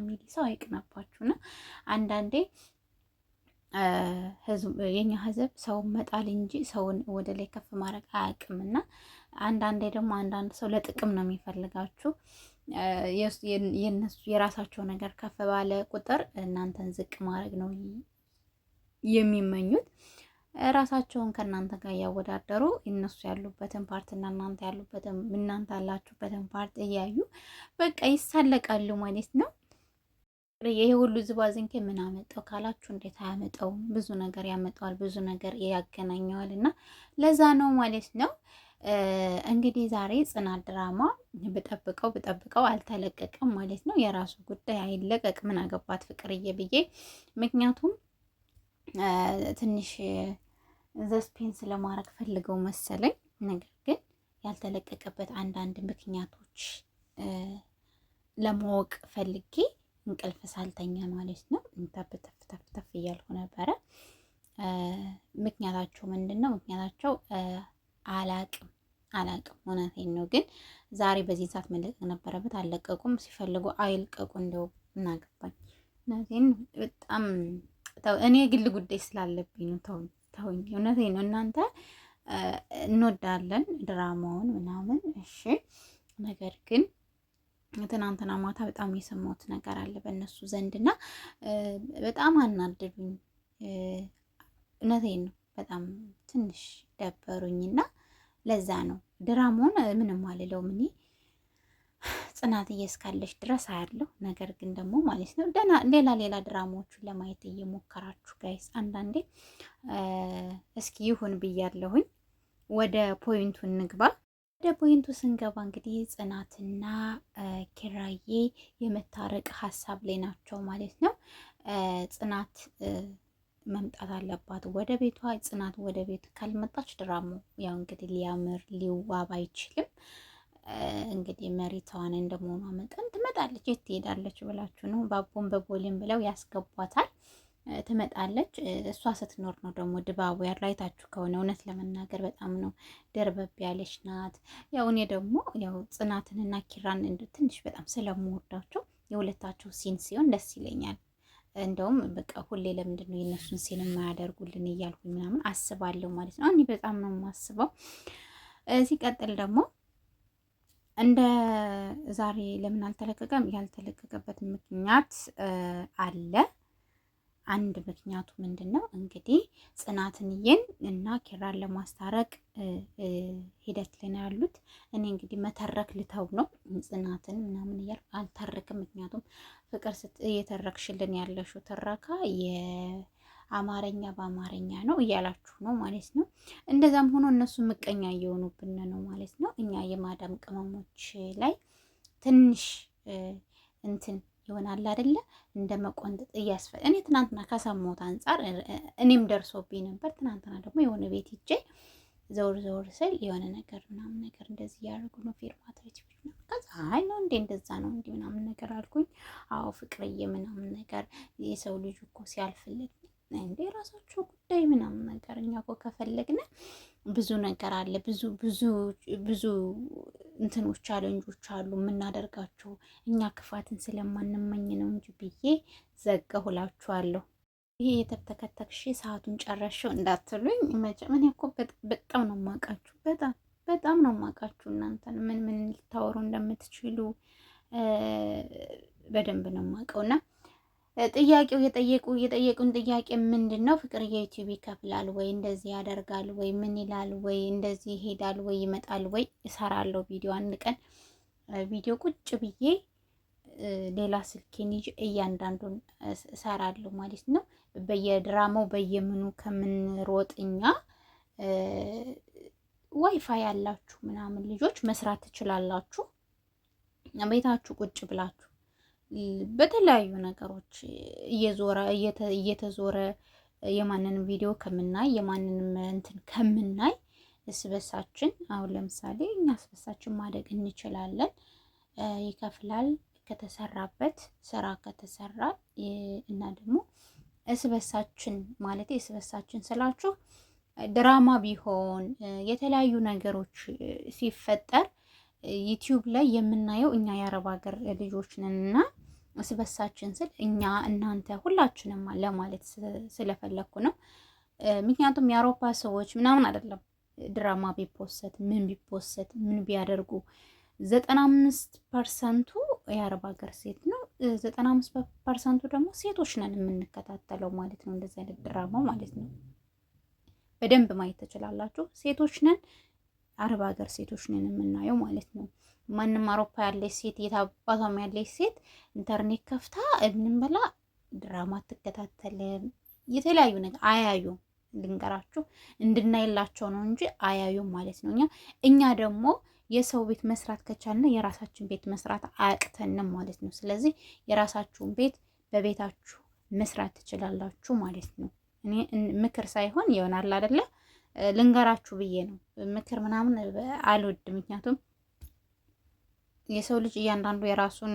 ፋሚሊ ሰው አይቅናባችሁ እና አንዳንዴ የኛ ህዝብ ሰውን መጣል እንጂ ሰውን ወደ ላይ ከፍ ማድረግ አያውቅም እና አንዳንዴ ደግሞ አንዳንድ ሰው ለጥቅም ነው የሚፈልጋችሁ። የነሱ የራሳቸው ነገር ከፍ ባለ ቁጥር እናንተን ዝቅ ማድረግ ነው የሚመኙት። ራሳቸውን ከእናንተ ጋር እያወዳደሩ እነሱ ያሉበትን ፓርት እና እናንተ ያሉበትን እናንተ ያላችሁበትን ፓርት እያዩ በቃ ይሳለቃሉ ማለት ነው። ይሄ ሁሉ ዝባዝንኬ ምን አመጣው ካላችሁ እንዴት አያመጣውም? ብዙ ነገር ያመጣዋል፣ ብዙ ነገር ያገናኘዋል። እና ለዛ ነው ማለት ነው እንግዲህ ዛሬ ጽናት ድራማ ብጠብቀው ብጠብቀው አልተለቀቀም ማለት ነው። የራሱ ጉዳይ አይለቀቅ ምን አገባት ፍቅርዬ ብዬ ምክንያቱም ትንሽ ዘስፔንስ ለማድረግ ፈልገው መሰለኝ። ነገር ግን ያልተለቀቀበት አንዳንድ ምክንያቶች ለማወቅ ፈልጌ እንቅልፍ ሳልተኛ ማለት ነው። ተፍ ተፍ ተፍ ተፍ እያልኩ ነበረ። ምክንያታቸው ምንድን ነው? ምክንያታቸው አላቅም አላቅም። እውነቴን ነው። ግን ዛሬ በዚህ ሰዓት መለቀቅ ነበረበት። አልለቀቁም። ሲፈልጉ አይልቀቁ እንደው እናገባኝ። እውነቴን በጣም እኔ ግል ጉዳይ ስላለብኝ ነው። ተው ተውኝ። እውነቴን ነው። እናንተ እንወዳለን ድራማውን ምናምን እሺ። ነገር ግን ትናንትና ማታ በጣም የሰማሁት ነገር አለ በእነሱ ዘንድ እና በጣም አናደዱኝ። እውነቴን ነው። በጣም ትንሽ ደበሩኝና ለዛ ነው ድራማውን ምንም አልለውም እኔ ጽናት እስካለች ድረስ አያለሁ። ነገር ግን ደግሞ ማለት ነው ሌላ ሌላ ድራማዎቹን ለማየት እየሞከራችሁ ጋይስ፣ አንዳንዴ እስኪ ይሁን ብያለሁኝ። ወደ ፖይንቱ እንግባ። ወደ ፖይንቱ ስንገባ እንግዲህ ጽናትና ኪራዬ የመታረቅ ሀሳብ ላይ ናቸው ማለት ነው። ጽናት መምጣት አለባት ወደ ቤቷ። ጽናት ወደ ቤት ካልመጣች ድራሙ ያው እንግዲህ ሊያምር ሊዋብ አይችልም። እንግዲህ መሪታዋን እንደመሆኗ መጠን ትመጣለች። የት ትሄዳለች ብላችሁ ነው? ባቦን በቦሌም ብለው ያስገቧታል። ትመጣለች። እሷ ስትኖር ነው ደግሞ ድባቡ ያለው። አይታችሁ ከሆነ እውነት ለመናገር በጣም ነው ደርበብ ያለች ናት። ያው እኔ ደግሞ ያው ጽናትንና ኪራን ትንሽ በጣም ስለምወዳቸው የሁለታቸው ሲን ሲሆን ደስ ይለኛል። እንደውም በቃ ሁሌ ለምንድን ነው የእነሱን ሲን የማያደርጉልን እያልኩኝ ምናምን አስባለሁ ማለት ነው። እኔ በጣም ነው የማስበው። ሲቀጥል ደግሞ እንደ ዛሬ ለምን አልተለቀቀም? ያልተለቀቀበት ምክንያት አለ አንድ ምክንያቱ ምንድን ነው እንግዲህ ጽናትንዬን እና ኪራን ለማስታረቅ ሂደት ላይ ነው ያሉት። እኔ እንግዲህ መተረክ ልተው ነው ጽናትን ምናምን እያል አልተርክም። ምክንያቱም ፍቅር እየተረክሽልን ያለሽው ትረካ አማረኛ በአማረኛ ነው እያላችሁ ነው ማለት ነው። እንደዛም ሆኖ እነሱ ምቀኛ እየሆኑብን ነው ማለት ነው። እኛ የማዳም ቅመሞች ላይ ትንሽ እንትን ይሆናል አይደለ? እንደ መቆንጠጥ እያስፈ እኔ ትናንትና ከሰማሁት አንጻር እኔም ደርሶብኝ ነበር። ትናንትና ደግሞ የሆነ ቤት ይጄ ዘውር ዘውር ስል የሆነ ነገር ምናምን ነገር እንደዚህ እያደረጉ ነው ፌርማታዎች ምናምን። ከዛ አይ ነው እንዴ እንደዛ ነው እንዲህ ምናምን ነገር አልኩኝ። አዎ ፍቅርዬ ምናምን ነገር የሰው ልጅ እኮ ሲያልፍለት እንዴ የራሳቸው ጉዳይ ምናምን ነገር እኛ እኮ ከፈለግን ብዙ ነገር አለ። ብዙ ብዙ ብዙ እንትኖች ቻለንጆች አሉ የምናደርጋቸው እኛ ክፋትን ስለማንመኝ ነው እንጂ ብዬ ዘጋሁላችኋለሁ። ይሄ የተተከተክሽ ሰዓቱን ጨረሽው እንዳትሉኝ። መቼም እኔ እኮ በጣም ነው የማውቃችሁ፣ በጣም በጣም ነው የማውቃችሁ እናንተን ምን ምን ልታወሩ እንደምትችሉ በደንብ ነው የማውቀውና ጥያቄው የጠየቁ የጠየቁን ጥያቄ ምንድን ነው? ፍቅር የዩቲዩብ ይከፍላል ወይ እንደዚህ ያደርጋል ወይ ምን ይላል ወይ እንደዚህ ይሄዳል ወይ ይመጣል ወይ እሰራለሁ ቪዲዮ አንድ ቀን ቪዲዮ ቁጭ ብዬ ሌላ ስልኬን ይዤ እያንዳንዱን እሰራለሁ ማለት ነው። በየድራማው በየምኑ ከምንሮጥ እኛ ዋይፋይ ያላችሁ ምናምን ልጆች መስራት ትችላላችሁ ቤታችሁ ቁጭ ብላችሁ በተለያዩ ነገሮች እየዞረ እየተዞረ የማንንም ቪዲዮ ከምናይ የማንንም እንትን ከምናይ እስበሳችን አሁን ለምሳሌ እኛ እስበሳችን ማደግ እንችላለን። ይከፍላል ከተሰራበት ስራ ከተሰራ እና ደግሞ እስበሳችን ማለት እስበሳችን ስላችሁ ድራማ ቢሆን የተለያዩ ነገሮች ሲፈጠር ዩቲዩብ ላይ የምናየው እኛ የአረብ ሀገር ልጆች ነን እና ስበሳችን ስል እኛ እናንተ ሁላችንም ለማለት ስለፈለግኩ ነው። ምክንያቱም የአውሮፓ ሰዎች ምናምን አይደለም ድራማ ቢፖሰት ምን ቢፖሰት ምን ቢያደርጉ ዘጠና አምስት ፐርሰንቱ የአረብ ሀገር ሴት ነው። ዘጠና አምስት ፐርሰንቱ ደግሞ ሴቶች ነን የምንከታተለው ማለት ነው። እንደዚህ አይነት ድራማ ማለት ነው። በደንብ ማየት ትችላላችሁ። ሴቶች ነን አረብ ሀገር ሴቶች ነን የምናየው ማለት ነው። ማንም አውሮፓ ያለች ሴት የታባቷም ያለች ሴት ኢንተርኔት ከፍታ እብንም በላ ድራማ አትከታተልም። የተለያዩ ነገር አያዩ ልንገራችሁ እንድናይላቸው ነው እንጂ አያዩ ማለት ነው። እኛ እኛ ደግሞ የሰው ቤት መስራት ከቻልን የራሳችን ቤት መስራት አያቅተንም ማለት ነው። ስለዚህ የራሳችሁን ቤት በቤታችሁ መስራት ትችላላችሁ ማለት ነው። እኔ ምክር ሳይሆን ይሆናል አይደለ ልንገራችሁ ብዬ ነው። ምክር ምናምን አልወድም። ምክንያቱም የሰው ልጅ እያንዳንዱ የራሱን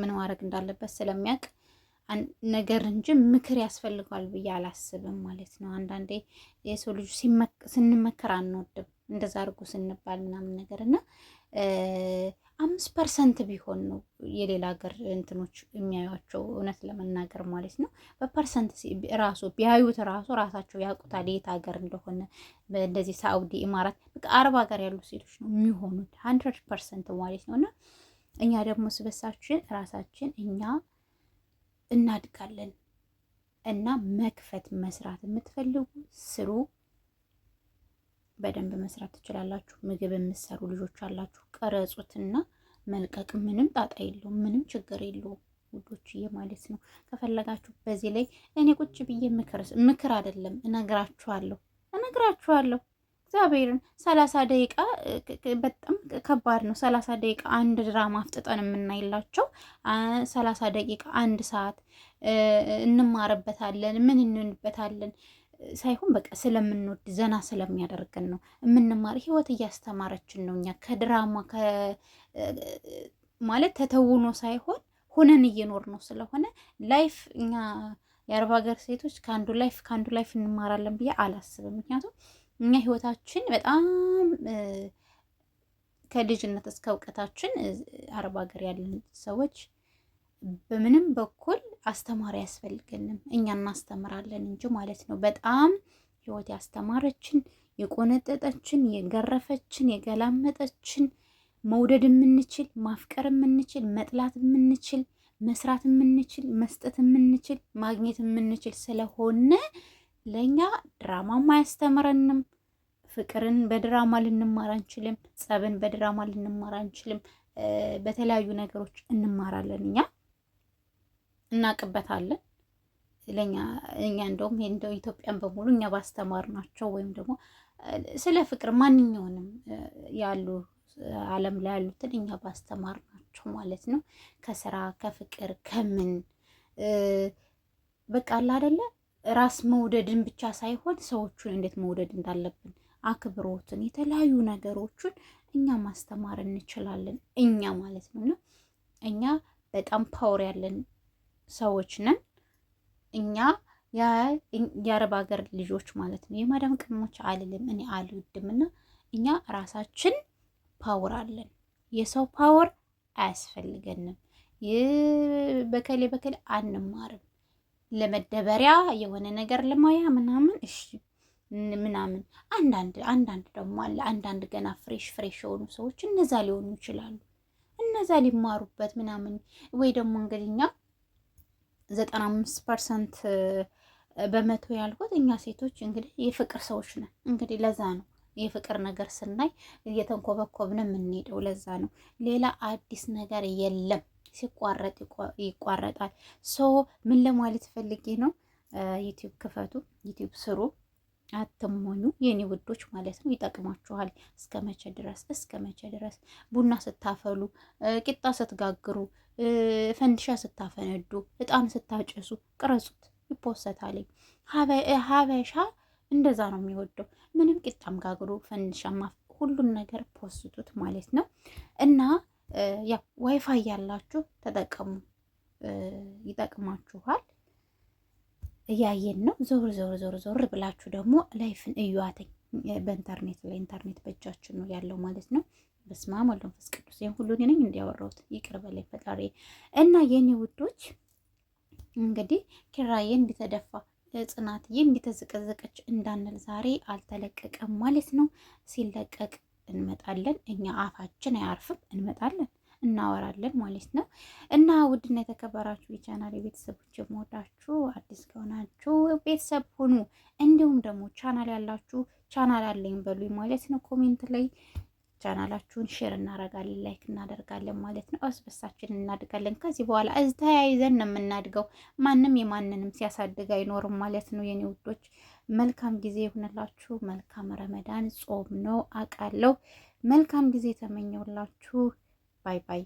ምን ማድረግ እንዳለበት ስለሚያውቅ ነገር እንጂ ምክር ያስፈልገዋል ብዬ አላስብም ማለት ነው። አንዳንዴ የሰው ልጅ ስንመከር አንወድም እንደዛ አድርጎ ስንባል ምናምን ነገር እና አምስት ፐርሰንት ቢሆን ነው የሌላ ሀገር እንትኖች የሚያዩቸው እውነት ለመናገር ማለት ነው። በፐርሰንት ራሱ ቢያዩት ራሱ ራሳቸው ያውቁታል የት ሀገር እንደሆነ። እንደዚህ ሳኡዲ፣ ኢማራት በቃ አረብ ሀገር ያሉ ሴቶች ነው የሚሆኑት ሀንድረድ ፐርሰንት ማለት ነው። እና እኛ ደግሞ ስበሳችን ራሳችን እኛ እናድጋለን እና መክፈት መስራት የምትፈልጉ ስሩ። በደንብ መስራት ትችላላችሁ። ምግብ የምሰሩ ልጆች አላችሁ፣ ቀረጹትና መልቀቅ ምንም ጣጣ የለውም፣ ምንም ችግር የለውም ውዶችዬ ማለት ነው። ከፈለጋችሁ በዚህ ላይ እኔ ቁጭ ብዬ ምክር አይደለም እነግራችኋለሁ፣ እነግራችኋለሁ እግዚአብሔርን ሰላሳ ደቂቃ በጣም ከባድ ነው። ሰላሳ ደቂቃ አንድ ድራማ አፍጥጠን የምናይላቸው ሰላሳ ደቂቃ አንድ ሰዓት እንማርበታለን፣ ምን እንንበታለን ሳይሆን በቃ ስለምንወድ ዘና ስለሚያደርገን ነው የምንማር። ህይወት እያስተማረችን ነው። እኛ ከድራማ ማለት ተተውኖ ሳይሆን ሆነን እየኖር ነው ስለሆነ ላይፍ እኛ የአረብ ሀገር ሴቶች ከአንዱ ላይፍ ከአንዱ ላይፍ እንማራለን ብዬ አላስብም። ምክንያቱም እኛ ህይወታችን በጣም ከልጅነት እስከ እውቀታችን አረብ ሀገር ያለን ሰዎች በምንም በኩል አስተማሪ አያስፈልገንም። እኛ እናስተምራለን እንጂ ማለት ነው። በጣም ህይወት ያስተማረችን፣ የቆነጠጠችን፣ የገረፈችን፣ የገላመጠችን መውደድ የምንችል ማፍቀር የምንችል መጥላት የምንችል መስራት የምንችል መስጠት የምንችል ማግኘት የምንችል ስለሆነ ለእኛ ድራማም አያስተምረንም። ፍቅርን በድራማ ልንማር አንችልም። ጸብን በድራማ ልንማር አንችልም። በተለያዩ ነገሮች እንማራለን እኛ እናቅበታለን። ስለኛ እኛ እንደውም እንደው ኢትዮጵያን በሙሉ እኛ ባስተማር ናቸው ወይም ደግሞ ስለ ፍቅር ማንኛውንም ያሉ ዓለም ላይ ያሉትን እኛ ባስተማር ናቸው ማለት ነው። ከስራ ከፍቅር ከምን በቃ አለ አደለ ራስ መውደድን ብቻ ሳይሆን ሰዎቹን እንዴት መውደድ እንዳለብን አክብሮትን፣ የተለያዩ ነገሮችን እኛ ማስተማር እንችላለን እኛ ማለት ነው እና እኛ በጣም ፓወር ያለን ሰዎች ነን እኛ የአረብ ሀገር ልጆች ማለት ነው። የማዳም ቅመሞች አልልም እኔ አልወድም። እና እኛ ራሳችን ፓወር አለን። የሰው ፓወር አያስፈልገንም። በከሌ በከሌ አንማርም። ለመደበሪያ የሆነ ነገር ለማያ ምናምን እሺ ምናምን አንዳንድ አንዳንድ ደግሞ አለ አንዳንድ ገና ፍሬሽ ፍሬሽ የሆኑ ሰዎች እነዛ ሊሆኑ ይችላሉ። እነዛ ሊማሩበት ምናምን ወይ ደግሞ እንግዲህ እኛ ዘጠና አምስት ፐርሰንት በመቶ ያልኩት እኛ ሴቶች እንግዲህ የፍቅር ሰዎች ነን። እንግዲህ ለዛ ነው የፍቅር ነገር ስናይ እየተንኮበኮብን የምንሄደው። ለዛ ነው ሌላ አዲስ ነገር የለም። ሲቋረጥ ይቋረጣል። ሶ ምን ለማለት ፈልጌ ነው? ዩቲዩብ ክፈቱ፣ ዩቲዩብ ስሩ። አትሞኙ የኔ ውዶች ማለት ነው። ይጠቅማችኋል። እስከ መቼ ድረስ እስከ መቼ ድረስ ቡና ስታፈሉ፣ ቂጣ ስትጋግሩ፣ ፈንድሻ ስታፈነዱ፣ እጣን ስታጨሱ ቅረጹት። ይፖሰታል። ሀበሻ እንደዛ ነው የሚወደው። ምንም ቂጣም ጋግሩ፣ ፈንዲሻም ሁሉም ነገር ፖስቱት ማለት ነው እና ያው ዋይፋይ ያላችሁ ተጠቀሙ፣ ይጠቅማችኋል። እያየን ነው። ዞር ዞር ዞር ዞር ብላችሁ ደግሞ ላይፍን እዩዋተኝ። በኢንተርኔት ላይ ኢንተርኔት በእጃችን ነው ያለው ማለት ነው። በስመ አብ ወወልድ ወመንፈስ ቅዱስ። ይህም ሁሉ እኔ ነኝ እንዲያወራሁት ይቅር በለኝ ፈጣሪ። እና የኔ ውዶች እንግዲህ ኪራዬ እንዲተደፋ ጽናትዬ እንዲተዘቀዘቀች እንዳንል ዛሬ አልተለቀቀም ማለት ነው። ሲለቀቅ እንመጣለን። እኛ አፋችን አያርፍም፣ እንመጣለን። እናወራለን ማለት ነው። እና ውድና የተከበራችሁ የቻናል ቤተሰቦች የምወዳችሁ አዲስ ከሆናችሁ ቤተሰብ ሁኑ፣ እንዲሁም ደግሞ ቻናል ያላችሁ ቻናል አለኝ በሉኝ ማለት ነው ኮሜንት ላይ ቻናላችሁን ሼር እናደርጋለን፣ ላይክ እናደርጋለን ማለት ነው። አስበሳችን እናድጋለን። ከዚህ በኋላ እዚ ተያይዘን ነው የምናድገው። ማንም የማንንም ሲያሳድግ አይኖርም ማለት ነው። የኔ ውዶች መልካም ጊዜ ይሁንላችሁ። መልካም ረመዳን ጾም ነው አውቃለሁ። መልካም ጊዜ ተመኘውላችሁ። ባይ ባይ